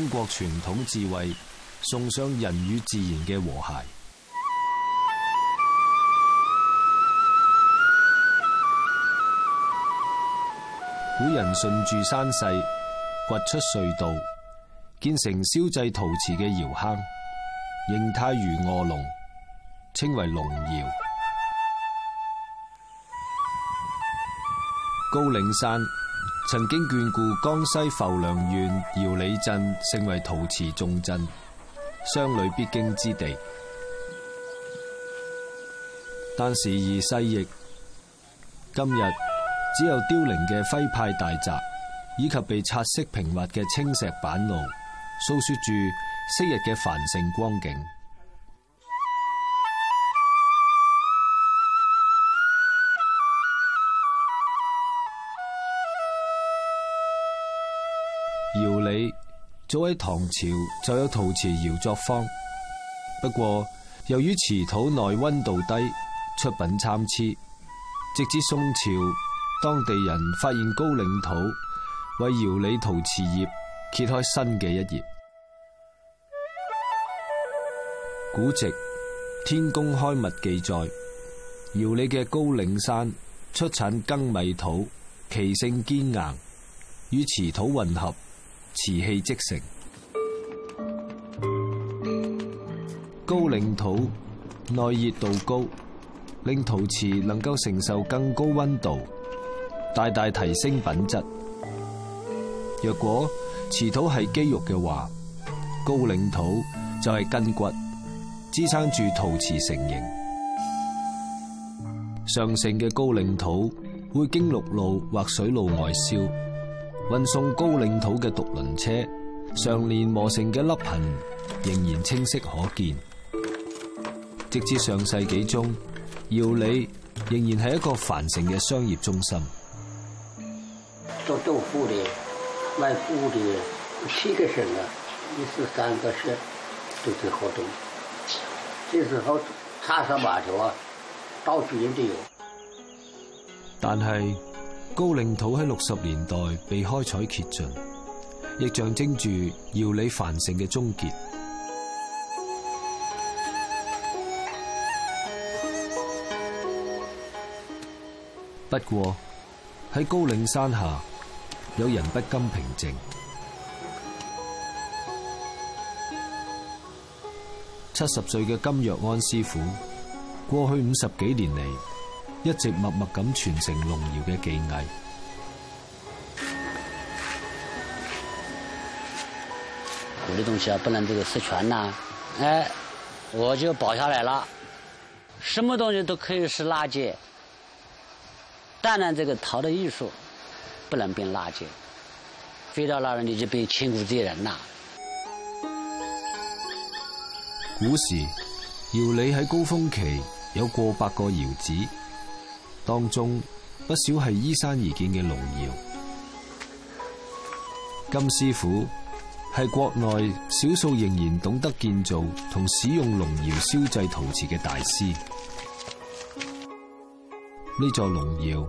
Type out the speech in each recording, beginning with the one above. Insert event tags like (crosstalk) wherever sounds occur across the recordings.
中國傳統智慧送上人與自然嘅和諧。古人順住山勢掘出隧道，建成燒製陶瓷嘅窯坑，形態如臥龍，稱為龍窯。高嶺山。曾經眷顧江西浮梁縣瑤里鎮成為陶瓷重鎮、商旅必經之地，但時移世易，今日只有凋零嘅徽派大宅，以及被擦色平滑嘅青石板路，訴說住昔日嘅繁盛光景。早喺唐朝就有陶瓷窯作坊，不過由於瓷土內溫度低，出品參差。直至宋朝，當地人發現高嶺土，為瑤里陶瓷業揭開新嘅一頁。 (music) 古籍《天工開物》記載，瑤里嘅高嶺山出產粳米土，其性堅硬，與瓷土混合，瓷器即成高領，高嶺土耐熱度高，令陶瓷能夠承受更高温度，大大提升品質。若果瓷土係肌肉嘅話，高嶺土就係筋骨，支撐住陶瓷成形。上乘嘅高嶺土會經陸路或水路外銷運送高嶺土嘅獨輪車，上年磨成嘅凹痕仍然清晰可見。直至上世紀中，瑤里仍然係一個繁盛嘅商業中心。做豆腐嘅，賣豆腐的七個縣啊，一四三個縣都得好多，幾時候差上碼頭啊，到處都有。但係。高嶺土喺六十年代被開採竭盡，亦象徵住瑤里繁盛嘅終結。不過喺高嶺山下，有人不甘平靜。七十歲嘅金躍安師傅，過去五十幾年嚟。一直默默咁傳承龍窑嘅技藝。我啲東西啊，不能這個失傳啦。哎，我就保下來啦。什麼東西都可以是垃圾，但呢，這個陶的藝術不能變垃圾，廢到那裏，你就變千古罪人啦。古時窑裏喺高峰期有過百個窑子。當中不少係依山而建嘅龍窯。金師傅係國內少數仍然懂得建造同使用龍窯燒製陶瓷嘅大師。呢座龍窯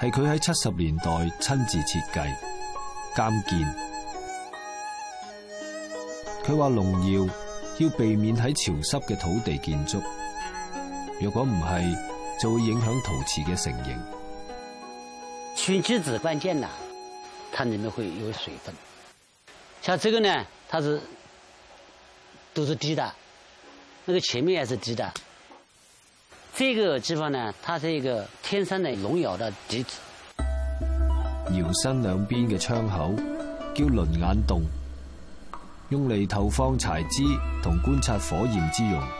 係佢喺七十年代親自設計、監建。佢話龍窯要避免喺潮濕嘅土地建築，如果唔係，就會影響陶瓷嘅成形。全基子關鍵啦，它裏面會有水分。像這個呢，它是都是低的，那個前面也是低的。這個地方呢，它是一個天生的龍窯的基子。窯身兩邊嘅窗口，叫輪眼洞，用嚟投放柴枝同觀察火焰之用。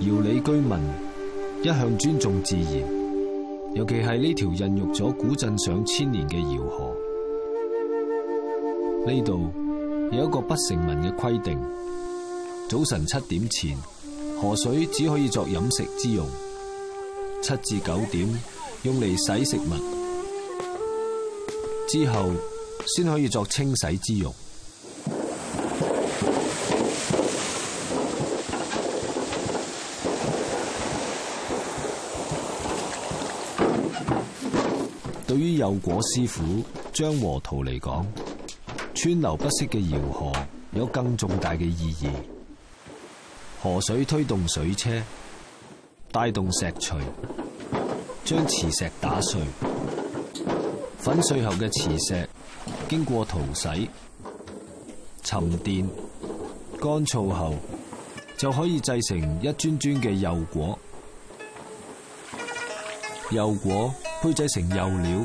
瑤里居民一向尊重自然，尤其係呢條孕育咗古鎮上千年嘅瑤河。呢度有一個不成文嘅規定：早晨七點前，河水只可以作飲食之用；七至九點用嚟洗食物，之後先可以作清洗之用。釉果師傅張和圖嚟講，川流不息嘅瑤河有更重大嘅意義。河水推動水車，帶動石錘，將瓷石打碎，粉碎後嘅瓷石經過淘洗、沉澱、乾燥後，就可以製成一磚磚嘅釉果。釉果配製成釉料。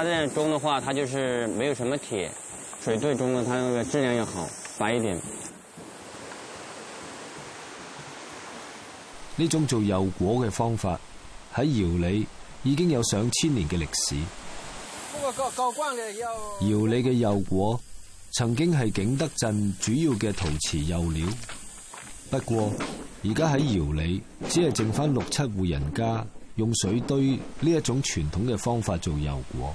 它這樣舂的話，它就是沒有什麼鐵水碓舂的，它那個質量又好，白一點。呢種做釉果嘅方法喺瑤里已經有上千年嘅歷史。不瑤里嘅釉果曾經係景德鎮主要嘅陶瓷釉料，不過而家喺瑤里只係剩翻六七戶人家用水碓呢一種傳統嘅方法做釉果。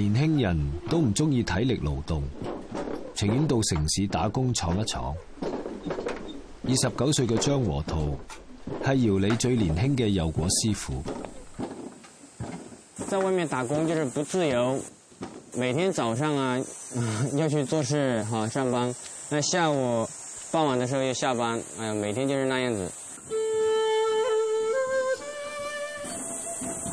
年輕人都唔中意體力勞動，情願到城市打工闖一闖。二十九歲嘅張和圖係瑤里最年輕嘅釉果師傅。在外面打工就是不自由，每天早上啊要去做事，好，上班，那下午傍晚的時候要下班，哎呀，每天就是那樣子。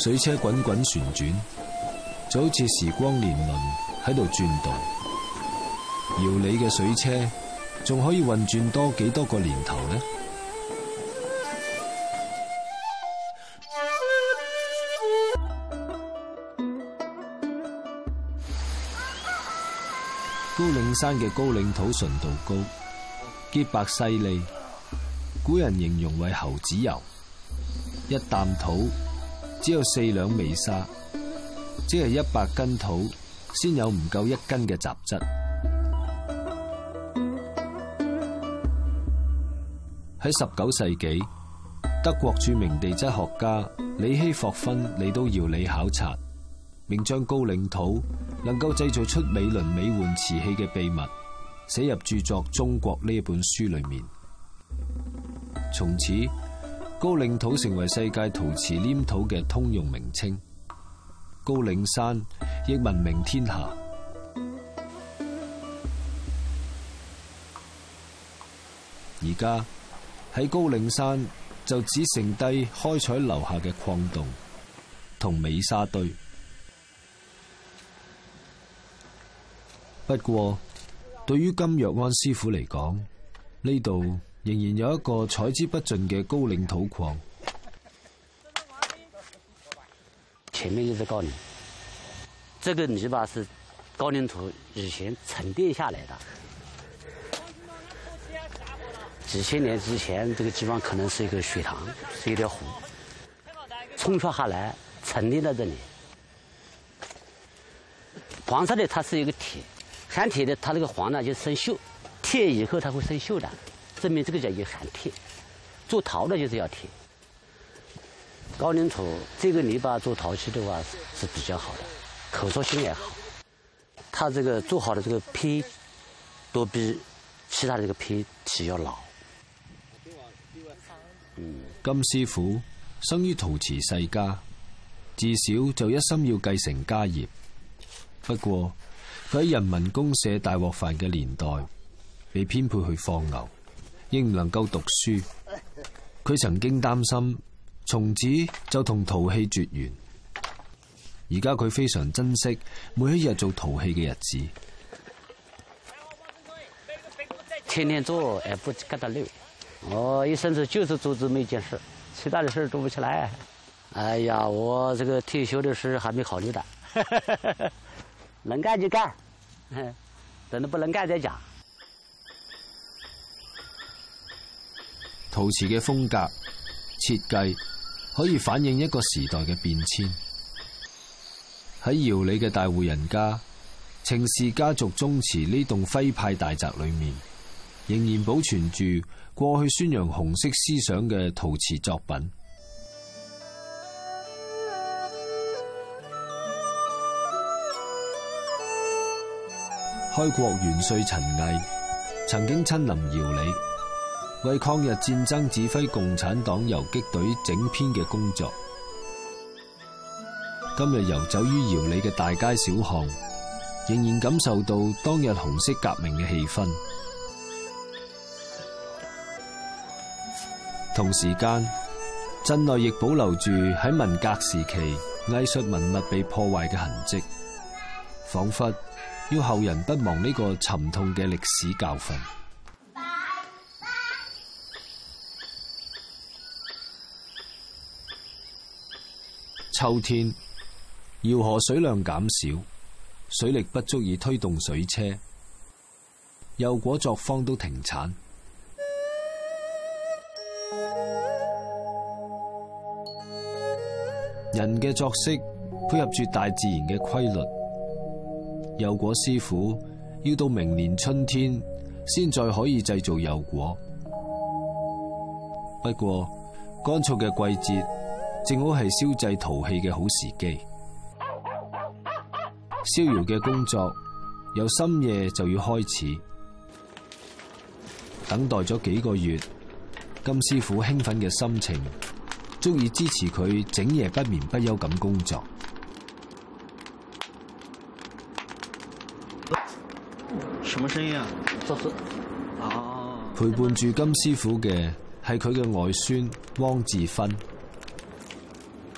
水車滾滾旋轉，就好似時光年輪喺度轉動。搖你嘅水車，仲可以運轉多幾多個年頭呢？高嶺山嘅高嶺土純度高，潔白細膩，古人形容為猴子油。一啖土。只有四兩微沙，只係一百斤土，先有唔夠一斤嘅雜質。喺十九世紀，德國著名地質學家李希霍芬，嚟到瑤里考察，並將高嶺土能夠製造出美輪美奐瓷器嘅秘密，寫入著作《中國》呢本書裏面。從此。高嶺土成為世界陶瓷黏土嘅通用名稱，高嶺山亦聞名天下。而家喺高嶺山就只剩低開採留下嘅礦洞同尾沙堆。不過，對於金躍安師傅嚟講，呢度。仍然有一個採之不盡的高嶺土礦。前面就是高嶺，這個泥巴是高嶺土以前沉澱下來的，幾千年之前，的這個地方可能是一個水塘，是一條湖，沖刷下來沉澱在這裏。黃色的它是一個鐵，含鐵的，它這個黃呢就生銹，鐵以後它會生銹的。證明這個磚就很貼，做陶的就是要貼。高嶺土這個泥巴做陶器的話是比較好的，可塑性也好。他這個做好的這個坯，都比其他的這個坯體要老。金師傅生於陶瓷世家，至少就一心要繼承家業。不過佢喺人民公社大鑊飯嘅年代，被編配去放牛。應能夠讀書，佢曾經擔心從此就同陶器絕緣。而家佢非常珍惜每一日做陶器嘅日子。天天做誒，也不覺得累。我一生就就是做這麼一件事，其他的事做不起來。哎呀，我這個退休的事還沒考慮的 (laughs) 能幹就幹，等到不能幹再講。陶瓷嘅風格設計可以反映一個時代嘅變遷。喺瑤里嘅大戶人家，程氏家族宗祠呢棟徽派大宅裏面，仍然保存住過去宣揚紅色思想嘅陶瓷作品。開國元帥陳毅曾經親臨瑤里。為抗日戰爭指揮共產黨游擊隊整編嘅工作，今日游走於瑤里嘅大街小巷，仍然感受到當日紅色革命嘅氣氛。同時間，鎮內亦保留住喺文革時期藝術文物被破壞嘅痕迹，仿佛要後人不忘呢個沉痛嘅歷史教訓。秋天，瑤河水量減少，水力不足以推動水車，釉果作坊都停產。人嘅作息配合住大自然嘅規律，釉果師傅要到明年春天先再可以製造釉果。不過，乾燥嘅季節，正好係燒製陶器嘅好時機，燒窯嘅工作由深夜就要開始。等待咗幾個月，金師傅興奮嘅心情足以支持佢整夜不眠不休咁工作。什麼聲音啊？坐坐陪伴住金師傅嘅係佢嘅外孫汪志芬。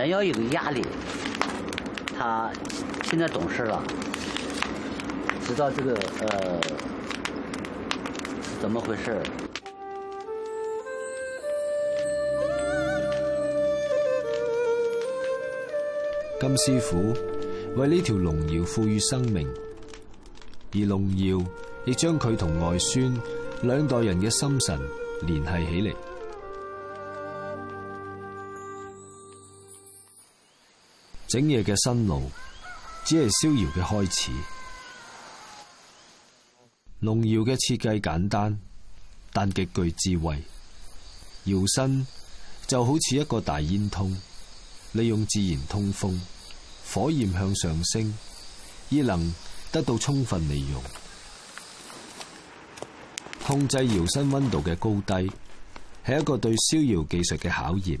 人要有個壓力，他現在懂事了，知道這個呃，怎麼回事。金師傅為呢條龍窯賦予生命，而龍窯亦將佢同外孫兩代人嘅心神聯繫起嚟。整夜嘅辛勞，只係燒窯嘅開始。龍窑嘅設計簡單，但極具智慧。窯身就好似一個大煙囪，利用自然通風，火焰向上升，熱能得到充分利用。控制窯身温度嘅高低，係一個對燒窯技術嘅考驗。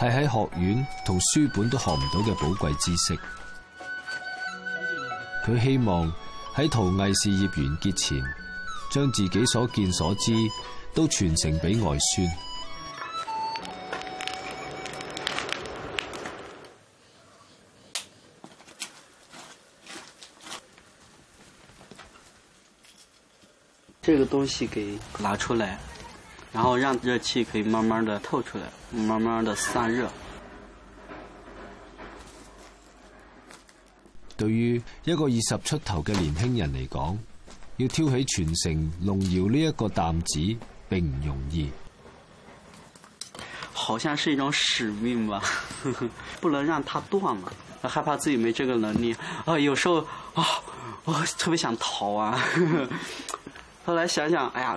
係喺學院同書本都學唔到嘅寶貴知識。佢希望喺陶藝事業完結前，將自己所見所知都傳承俾外孫。這個東西給拿出來。然後讓熱氣可以慢慢的透出來，慢慢的散熱。對於一個二十出頭嘅年輕人嚟講，要挑起傳承龍窯呢一個擔子，並唔容易。好像是一種使命吧，不能讓它斷了。害怕自己沒這個能力啊，有時候啊，我特別想逃啊，後來想想，哎呀。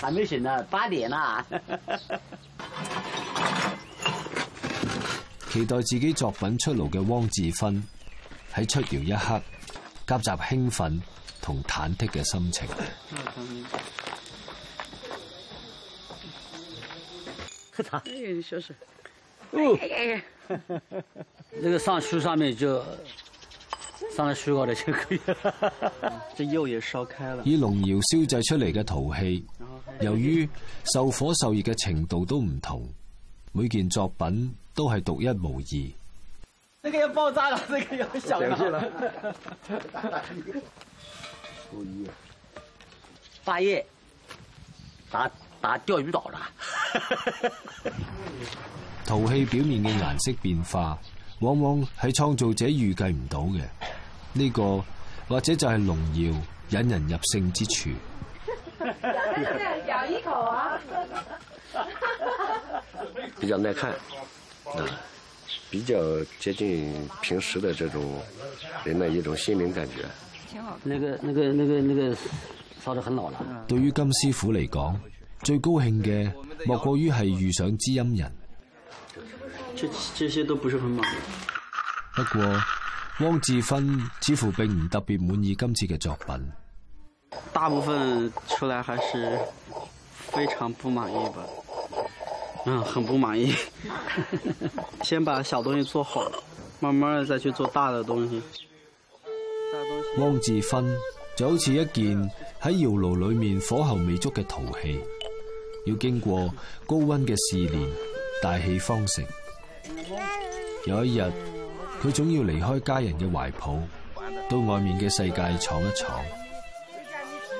還沒船呢，八點啦！期待自己作品出爐嘅汪志芬喺出窯一刻，夾雜興奮同忐忑嘅心情。喝茶。哦。那個上書上面就上了書，嗰度就可以。這釉也燒開了。以龍窯燒製出嚟嘅陶器。由於受火受熱嘅程度都唔同，每件作品都係獨一無二。呢個要爆炸泥，你、這個要上噶。半夜， (laughs) 打打釣魚台啦。陶 (laughs) 器表面嘅顏色變化，往往喺創造者預計唔到嘅。呢、這個或者就係龍窯引人入勝之處。咬一口啊！比較耐看啊，比較接近平時的這種人的一種心靈感覺。挺好。那個、那個、那個、那個燒得很老了。對於金師傅嚟講，最高興嘅莫過於係遇上知音人。這這些都不是很滿意。不過，汪志芬似乎並唔特別滿意今次嘅作品。大部分出來還是非常不滿意吧。嗯，很不滿意。 (laughs) 先把小東西做好，慢慢的再去做大的東西。汪志芬就好似一件喺窯爐裏面火候未足嘅陶器，要經過高溫嘅試煉，大器方成。有一日，佢總要離開家人嘅懷抱，到外面嘅世界闖一闖。